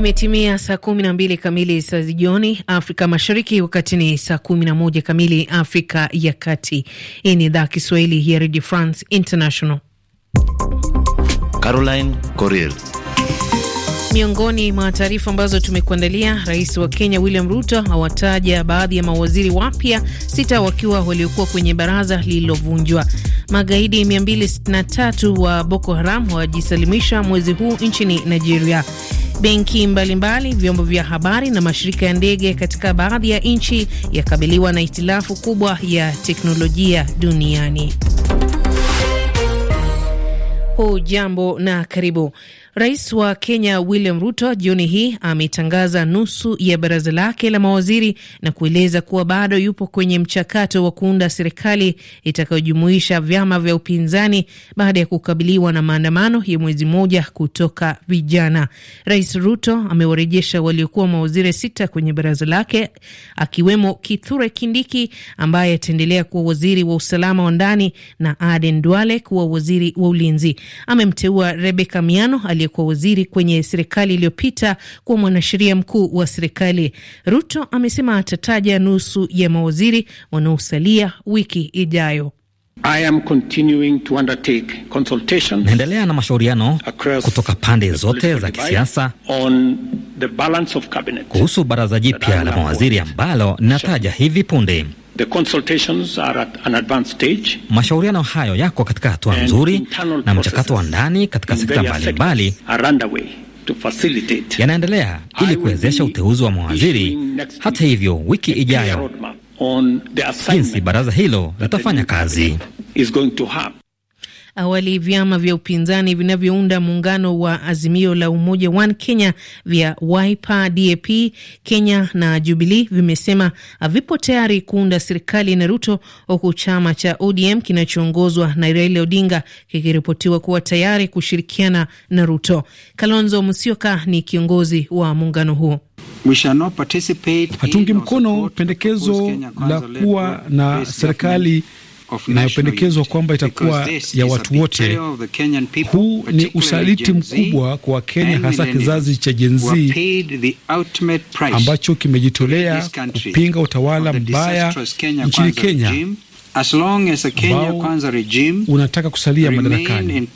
Imetimia saa kumi na mbili kamili za jioni Afrika Mashariki, wakati ni saa kumi na moja kamili Afrika ya Kati. Hii ni idhaa Kiswahili ya Radio France International. Caroline Corel Miongoni mwa taarifa ambazo tumekuandalia, rais wa Kenya William Ruto awataja baadhi ya mawaziri wapya sita wakiwa waliokuwa kwenye baraza lililovunjwa. Magaidi 263 wa Boko Haram wajisalimisha mwezi huu nchini Nigeria. Benki mbalimbali, vyombo vya habari na mashirika ya ndege katika baadhi ya nchi yakabiliwa na hitilafu kubwa ya teknolojia duniani. Hujambo na karibu. Rais wa Kenya William Ruto jioni hii ametangaza nusu ya baraza lake la mawaziri na kueleza kuwa bado yupo kwenye mchakato wa kuunda serikali itakayojumuisha vyama vya upinzani baada ya kukabiliwa na maandamano ya mwezi mmoja kutoka vijana. Rais Ruto amewarejesha waliokuwa mawaziri sita kwenye baraza lake akiwemo Kithure Kindiki ambaye ataendelea kuwa waziri wa usalama wa ndani na Aden Duale kuwa waziri wa ulinzi. Amemteua Rebeka Miano aliyekuwa waziri kwenye serikali iliyopita kuwa mwanasheria mkuu wa serikali. Ruto amesema atataja nusu ya mawaziri wanaosalia wiki ijayo. I am continuing to undertake consultations. Naendelea na mashauriano kutoka pande zote za kisiasa on the balance of cabinet kuhusu baraza jipya la mawaziri ambalo ninataja hivi punde. The consultations are at an advanced stage. Mashauriano hayo yako katika hatua nzuri na mchakato wa ndani katika sekta mbalimbali yanaendelea ili kuwezesha uteuzi wa mawaziri. Hata hivyo, wiki ijayo jinsi baraza hilo litafanya kazi is going to have. Awali vyama vya upinzani vinavyounda muungano wa Azimio la Umoja One Kenya vya Wiper, DAP Kenya na Jubilee vimesema havipo tayari kuunda serikali na Ruto, huku chama cha ODM kinachoongozwa na Raila Odinga kikiripotiwa kuwa tayari kushirikiana na Ruto. Kalonzo Musyoka ni kiongozi wa muungano huo. Hatungi mkono pendekezo la kuwa na serikali inayopendekezwa kwamba itakuwa ya watu wote. Huu ni usaliti mkubwa kwa Wakenya, hasa kizazi cha Gen Z ambacho kimejitolea kupinga utawala mbaya nchini Kenya unataka kusalia madarakani.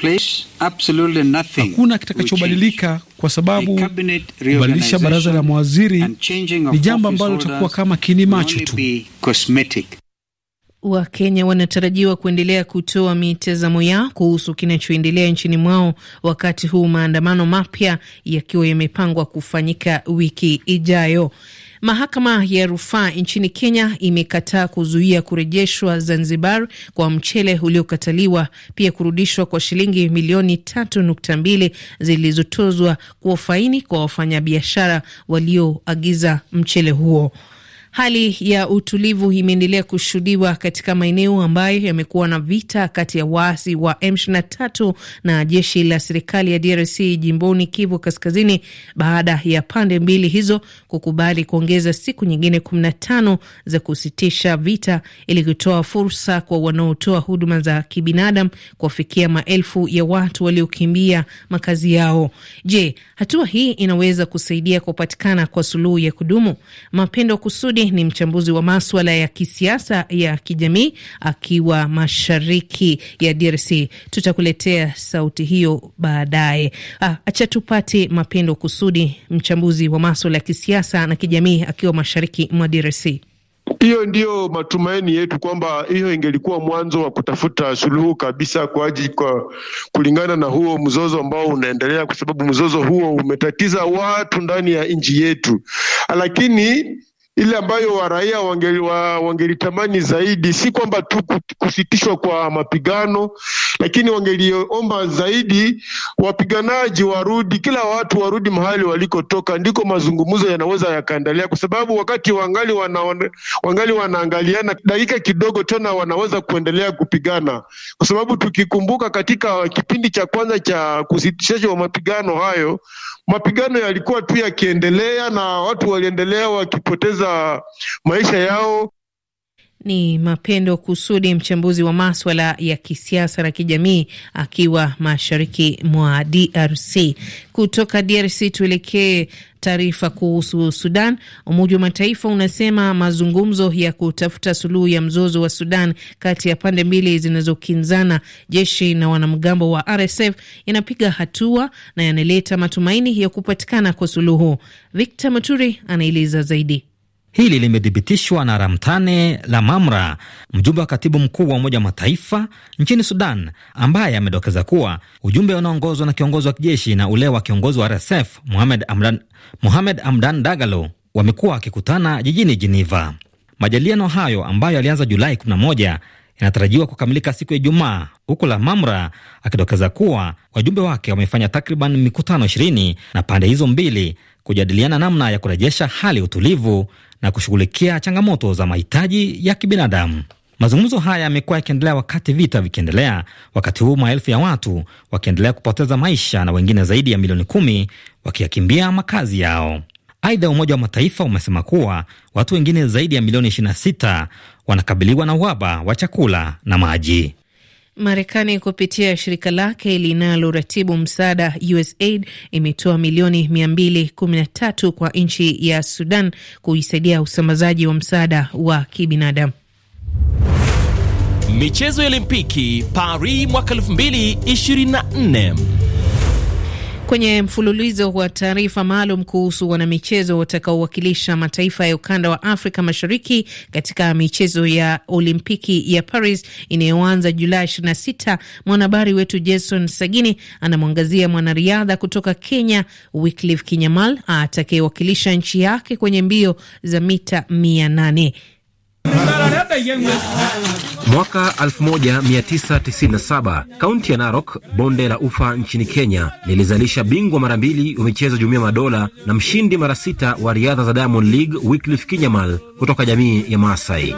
Hakuna kitakachobadilika kwa sababu kubadilisha baraza la mawaziri ni jambo ambalo litakuwa kama kini macho tu. Wakenya wanatarajiwa kuendelea kutoa mitazamo yao kuhusu kinachoendelea nchini mwao, wakati huu maandamano mapya yakiwa yamepangwa kufanyika wiki ijayo. Mahakama ya rufaa nchini Kenya imekataa kuzuia kurejeshwa Zanzibar kwa mchele uliokataliwa, pia kurudishwa kwa shilingi milioni tatu nukta mbili zilizotozwa kuwa faini kwa wafanyabiashara walioagiza mchele huo. Hali ya utulivu imeendelea kushuhudiwa katika maeneo ambayo yamekuwa na vita kati ya waasi wa M23 na jeshi la serikali ya DRC jimboni Kivu Kaskazini, baada ya pande mbili hizo kukubali kuongeza siku nyingine 15 za kusitisha vita ili kutoa fursa kwa wanaotoa huduma za kibinadamu kuwafikia maelfu ya watu waliokimbia makazi yao. Je, hatua hii inaweza kusaidia kupatikana kwa suluhu ya kudumu? Mapendo Kusudi ni mchambuzi wa maswala ya kisiasa ya kijamii akiwa mashariki ya DRC. Tutakuletea sauti hiyo baadaye. Ah, acha tupate Mapendo Kusudi, mchambuzi wa maswala ya kisiasa na kijamii akiwa mashariki mwa DRC. Hiyo ndiyo matumaini yetu kwamba hiyo ingelikuwa mwanzo wa kutafuta suluhu kabisa kwa ajili kwa kulingana na huo mzozo ambao unaendelea, kwa sababu mzozo huo umetatiza watu ndani ya nchi yetu, lakini ile ambayo waraia wangelitamani zaidi si kwamba tu kusitishwa kwa mapigano, lakini wangeliomba zaidi wapiganaji warudi, kila watu warudi mahali walikotoka, ndiko mazungumzo yanaweza yakaendelea, kwa sababu wakati wangali, wana, wangali wanaangaliana dakika kidogo tena wanaweza kuendelea kupigana, kwa sababu tukikumbuka katika kipindi cha kwanza cha kusitishaji wa mapigano hayo mapigano yalikuwa tu yakiendelea na watu waliendelea wakipoteza maisha yao. Ni Mapendo Kusudi, mchambuzi wa maswala ya kisiasa na kijamii, akiwa mashariki mwa DRC. Kutoka DRC tuelekee taarifa kuhusu Sudan. Umoja wa Mataifa unasema mazungumzo ya kutafuta suluhu ya mzozo wa Sudan kati ya pande mbili zinazokinzana, jeshi na wanamgambo wa RSF, yanapiga hatua na yanaleta matumaini ya kupatikana kwa suluhu. Victor Maturi anaeleza zaidi. Hili limethibitishwa na Ramtane Lamamra, mjumbe wa katibu mkuu wa Umoja wa Mataifa nchini Sudan, ambaye amedokeza kuwa ujumbe unaongozwa na kiongozi wa kijeshi na ule wa kiongozi wa RSF Mohamed Amdan, Mohamed Amdan Dagalo wamekuwa wakikutana jijini Geneva. Majadiliano hayo ambayo yalianza Julai 11 yanatarajiwa kukamilika siku ya Ijumaa, huku Lamamra akidokeza kuwa wajumbe wake wamefanya takriban mikutano 20 na pande hizo mbili kujadiliana namna ya kurejesha hali ya utulivu na kushughulikia changamoto za mahitaji ya kibinadamu. Mazungumzo haya yamekuwa yakiendelea wakati vita vikiendelea, wakati huu maelfu ya watu wakiendelea kupoteza maisha na wengine zaidi ya milioni kumi wakiyakimbia makazi yao. Aidha, Umoja wa Mataifa umesema kuwa watu wengine zaidi ya milioni 26 wanakabiliwa na uhaba wa chakula na maji. Marekani kupitia shirika lake linaloratibu msaada USAID imetoa milioni 213 kwa nchi ya Sudan kuisaidia usambazaji wa msaada wa kibinadamu. Michezo ya Olimpiki Paris mwaka 2024 Kwenye mfululizo wa taarifa maalum kuhusu wanamichezo watakaowakilisha mataifa ya ukanda wa Afrika Mashariki katika michezo ya Olimpiki ya Paris inayoanza Julai 26, mwanahabari wetu Jason Sagini anamwangazia mwanariadha kutoka Kenya Wycliffe Kinyamal atakayewakilisha nchi yake kwenye mbio za mita 800. Mwaka 1997 kaunti ya Narok, bonde la ufa nchini Kenya, lilizalisha bingwa mara mbili wa michezo Jumuiya Madola na mshindi mara sita wa riadha za Diamond League Wycliffe Kinyamal kutoka jamii ya Maasai.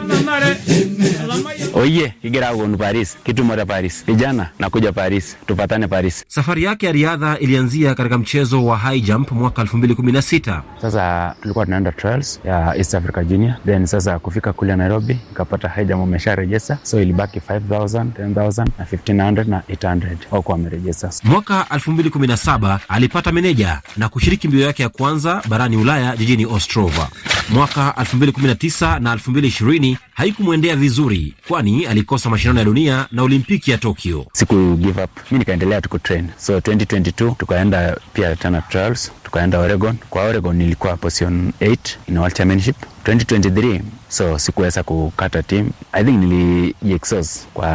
Oye, kigira akonu Paris, kitu kitumote Paris, vijana nakuja Paris, tupatane Paris. Safari yake ya riadha ilianzia katika mchezo wa high jump mwaka 2016. Sasa tulikuwa tunaenda trials ya East Africa Junior, then sasa kufika kule Nairobi nikapata high jump umesha rejesa. so ilibaki 5000 10000 na 1500 na 800 wako wamerejesa. Mwaka 2017 alipata meneja na kushiriki mbio yake ya kwanza barani Ulaya jijini Ostrova. Mwaka 2019 na 2020 haikumwendea vizuri kwani Marekani alikosa mashindano ya dunia na Olimpiki ya Tokyo. Siku give up, mi nikaendelea train. so 2022 tukaenda pia tena trials, tukaenda Oregon. Kwa Oregon nilikuwa position 8 in world championship 2023 so sikuweza kukata team. I think niliexhaust kwa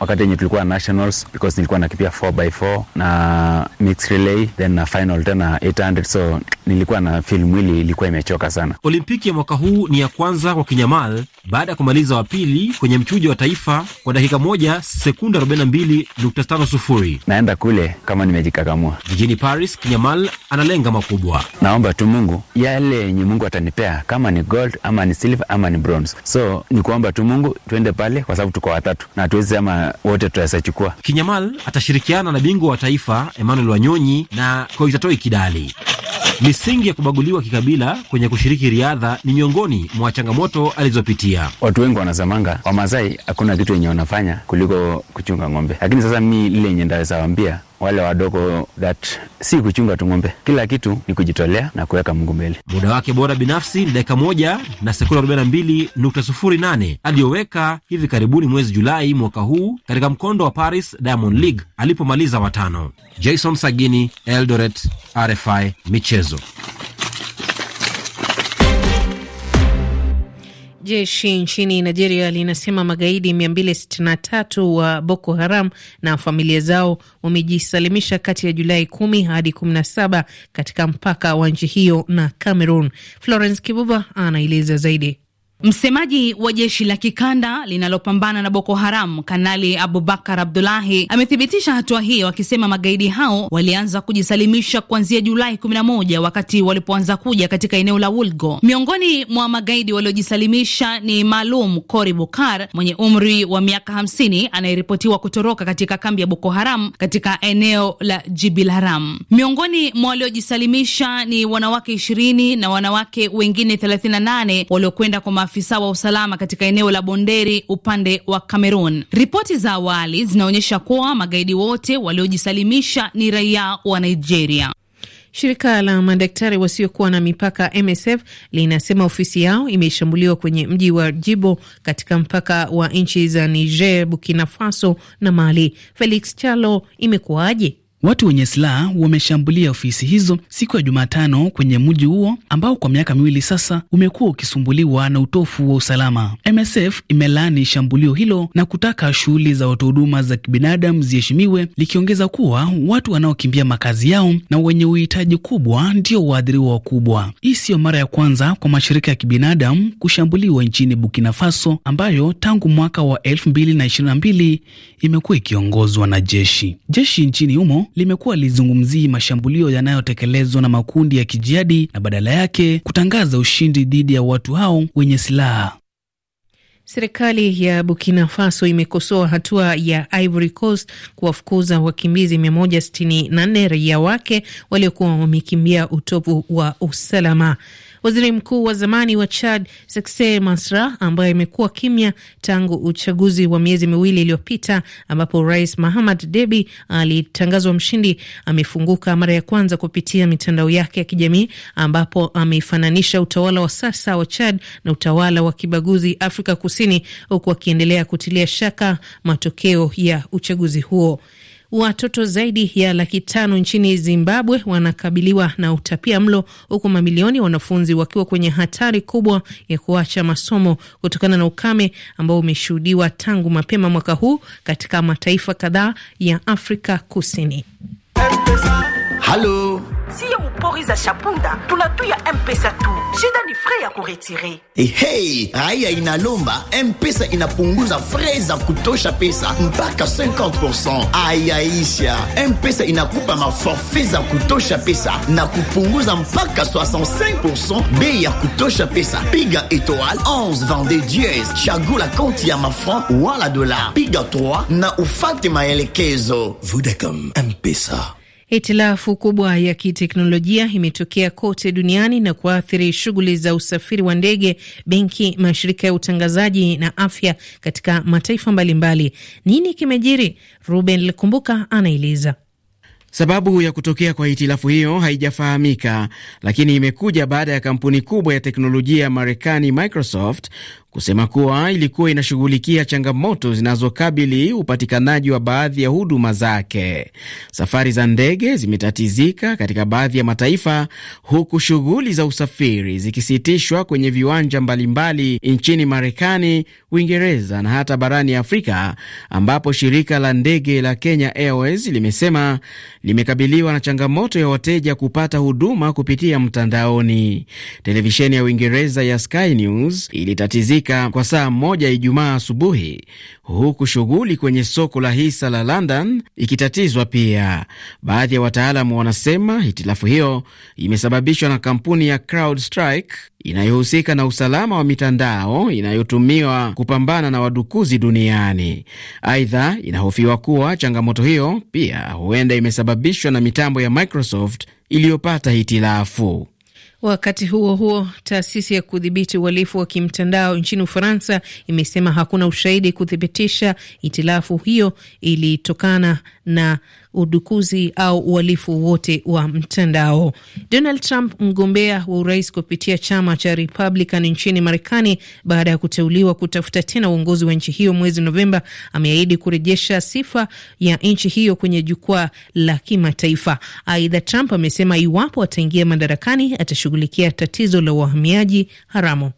wakati yenye tulikuwa nationals because nilikuwa nakipia 4 by 4 na mix relay then na final tena 800 so nilikuwa na fil mwili ilikuwa imechoka sana. Olimpiki ya mwaka huu ni ya kwanza kwa Kinyamal baada ya kumaliza wa pili kwenye mchujo wa taifa kwa dakika moja sekunda 42.50. Naenda kule kama nimejikakamua. Jijini Paris, Kinyamal analenga makubwa. Naomba tu Mungu yale yenye Mungu atanipea kama ni gold gold ama ni silver ama ni bronze. So ni kuomba tu Mungu tuende pale, kwa sababu tuko watatu na tuwezi ama wote tutaweza chukua. Kinyamal atashirikiana na bingwa wa taifa Emmanuel Wanyonyi na Koitatoi Kidali. Misingi ya kubaguliwa kikabila kwenye kushiriki riadha ni miongoni mwa changamoto alizopitia. Watu wengi wanasemanga Wamasai hakuna kitu yenye wanafanya kuliko kuchunga ng'ombe, lakini sasa mi lile yenye ndaweza wambia wale wadogo that si kuchunga tu ng'ombe, kila kitu ni kujitolea na kuweka Mungu mbele. Muda wake bora binafsi ni dakika moja na sekunde nane aliyoweka hivi karibuni mwezi Julai mwaka huu katika mkondo wa Paris Diamond League alipomaliza watano. Jason Sagini, Eldoret, RFI Michezo. Jeshi nchini Nigeria linasema magaidi 263 wa Boko Haram na familia zao wamejisalimisha kati ya Julai 10 hadi 17 katika mpaka wa nchi hiyo na Cameroon. Florence Kibuba anaeleza zaidi. Msemaji wa jeshi la kikanda linalopambana na Boko Haram, Kanali Abubakar Abdulahi amethibitisha hatua hiyo, akisema magaidi hao walianza kujisalimisha kuanzia Julai 11 wakati walipoanza kuja katika eneo la Wulgo. Miongoni mwa magaidi waliojisalimisha ni Maalum Kori Bukar mwenye umri wa miaka 50 anayeripotiwa kutoroka katika kambi ya Boko Haram katika eneo la Jibil Haram. Miongoni mwa waliojisalimisha ni wanawake 20 na wanawake wengine 38 waliokwenda kwa maafisa wa usalama katika eneo la Bonderi upande wa Cameroon. Ripoti za awali zinaonyesha kuwa magaidi wote waliojisalimisha ni raia wa Nigeria. Shirika la madaktari wasiokuwa na mipaka MSF linasema ofisi yao imeshambuliwa kwenye mji wa Jibo katika mpaka wa nchi za Niger, Burkina Faso na Mali. Felix Chalo, imekuwaje? Watu wenye silaha wameshambulia ofisi hizo siku ya Jumatano kwenye mji huo ambao kwa miaka miwili sasa umekuwa ukisumbuliwa na utofu wa usalama. MSF imelaani shambulio hilo na kutaka shughuli za watu huduma za kibinadamu ziheshimiwe, likiongeza kuwa watu wanaokimbia makazi yao na wenye uhitaji kubwa ndio waathiriwa wakubwa. Hii siyo mara ya kwanza kwa mashirika ya kibinadamu kushambuliwa nchini Burkina Faso ambayo tangu mwaka wa 2022 imekuwa ikiongozwa na jeshi. Jeshi nchini humo limekuwa lizungumzii mashambulio yanayotekelezwa na makundi ya kijiadi na badala yake kutangaza ushindi dhidi ya watu hao wenye silaha. Serikali ya Burkina Faso imekosoa hatua ya Ivory Coast kuwafukuza wakimbizi 164 raia wake waliokuwa wamekimbia utovu wa usalama. Waziri mkuu wa zamani wa Chad Sekse Masra, ambaye amekuwa kimya tangu uchaguzi wa miezi miwili iliyopita ambapo rais Mahamad Debi alitangazwa mshindi, amefunguka mara ya kwanza kupitia mitandao yake ya kijamii, ambapo ameifananisha utawala wa sasa wa Chad na utawala wa kibaguzi Afrika Kusini, huku akiendelea kutilia shaka matokeo ya uchaguzi huo. Watoto zaidi ya laki tano nchini Zimbabwe wanakabiliwa na utapia mlo huku mamilioni ya wanafunzi wakiwa kwenye hatari kubwa ya kuacha masomo kutokana na ukame ambao umeshuhudiwa tangu mapema mwaka huu katika mataifa kadhaa ya Afrika Kusini. Halo, siyo za Shapunda, tunatuya mpesa mpesa tu, shida ni frais ya kuretire. Eh, hey. haya inalomba, Mpesa inapunguza frais za kutosha pesa mpaka 50%. Aya Isha. Mpesa inakupa maforfait za kutosha pesa na kupunguza mpaka 65% bei ya kutosha pesa. Piga toal. 11 vende diez, la konti ya mafranc wala dola, piga 3 na ufate maelekezo. Vodacom, mpesa. ça. Hitilafu kubwa ya kiteknolojia imetokea kote duniani na kuathiri shughuli za usafiri wa ndege, benki, mashirika ya utangazaji na afya katika mataifa mbalimbali mbali. Nini kimejiri? Ruben Likumbuka anaeleza. Sababu ya kutokea kwa hitilafu hiyo haijafahamika, lakini imekuja baada ya kampuni kubwa ya teknolojia ya Marekani Microsoft kusema kuwa ilikuwa inashughulikia changamoto zinazokabili upatikanaji wa baadhi ya huduma zake. Safari za ndege zimetatizika katika baadhi ya mataifa, huku shughuli za usafiri zikisitishwa kwenye viwanja mbalimbali nchini Marekani, Uingereza na hata barani Afrika, ambapo shirika la ndege la Kenya Airways limesema limekabiliwa na changamoto ya wateja kupata huduma kupitia mtandaoni. Televisheni ya Uingereza ya Sky News ilitatizika Afrika kwa saa moja Ijumaa asubuhi, huku shughuli kwenye soko la hisa la London ikitatizwa pia. Baadhi ya wataalamu wanasema hitilafu hiyo imesababishwa na kampuni ya CrowdStrike inayohusika na usalama wa mitandao inayotumiwa kupambana na wadukuzi duniani. Aidha, inahofiwa kuwa changamoto hiyo pia huenda imesababishwa na mitambo ya Microsoft iliyopata hitilafu. Wakati huo huo, taasisi ya kudhibiti uhalifu wa kimtandao nchini Ufaransa imesema hakuna ushahidi kuthibitisha itilafu hiyo ilitokana na udukuzi au uhalifu wote wa mtandao. Donald Trump, mgombea wa urais kupitia chama cha Republican nchini Marekani, baada ya kuteuliwa kutafuta tena uongozi wa nchi hiyo mwezi Novemba, ameahidi kurejesha sifa ya nchi hiyo kwenye jukwaa la kimataifa. Aidha, Trump amesema iwapo ataingia madarakani atashughulikia tatizo la uhamiaji haramu.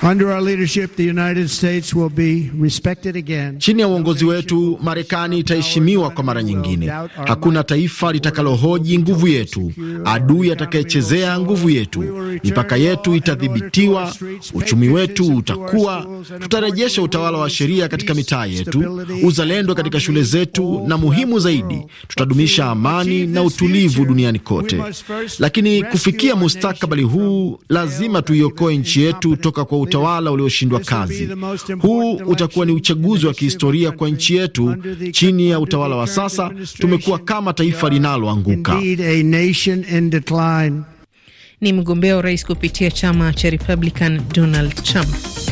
Under our leadership, the United States will be respected again. Chini ya uongozi wetu Marekani itaheshimiwa kwa mara nyingine. Hakuna taifa litakalohoji nguvu yetu, adui atakayechezea nguvu yetu. Mipaka yetu itadhibitiwa, uchumi wetu utakuwa, tutarejesha utawala wa sheria katika mitaa yetu, uzalendo katika shule zetu, na muhimu zaidi, tutadumisha amani na utulivu duniani kote. Lakini kufikia mustakabali huu, lazima tuiokoe nchi yetu toka kwa utawala ulioshindwa kazi. Huu utakuwa ni uchaguzi wa kihistoria kwa nchi yetu. Chini ya utawala wa sasa, tumekuwa kama taifa linaloanguka. Ni mgombea wa rais kupitia chama cha Republican Donald Trump.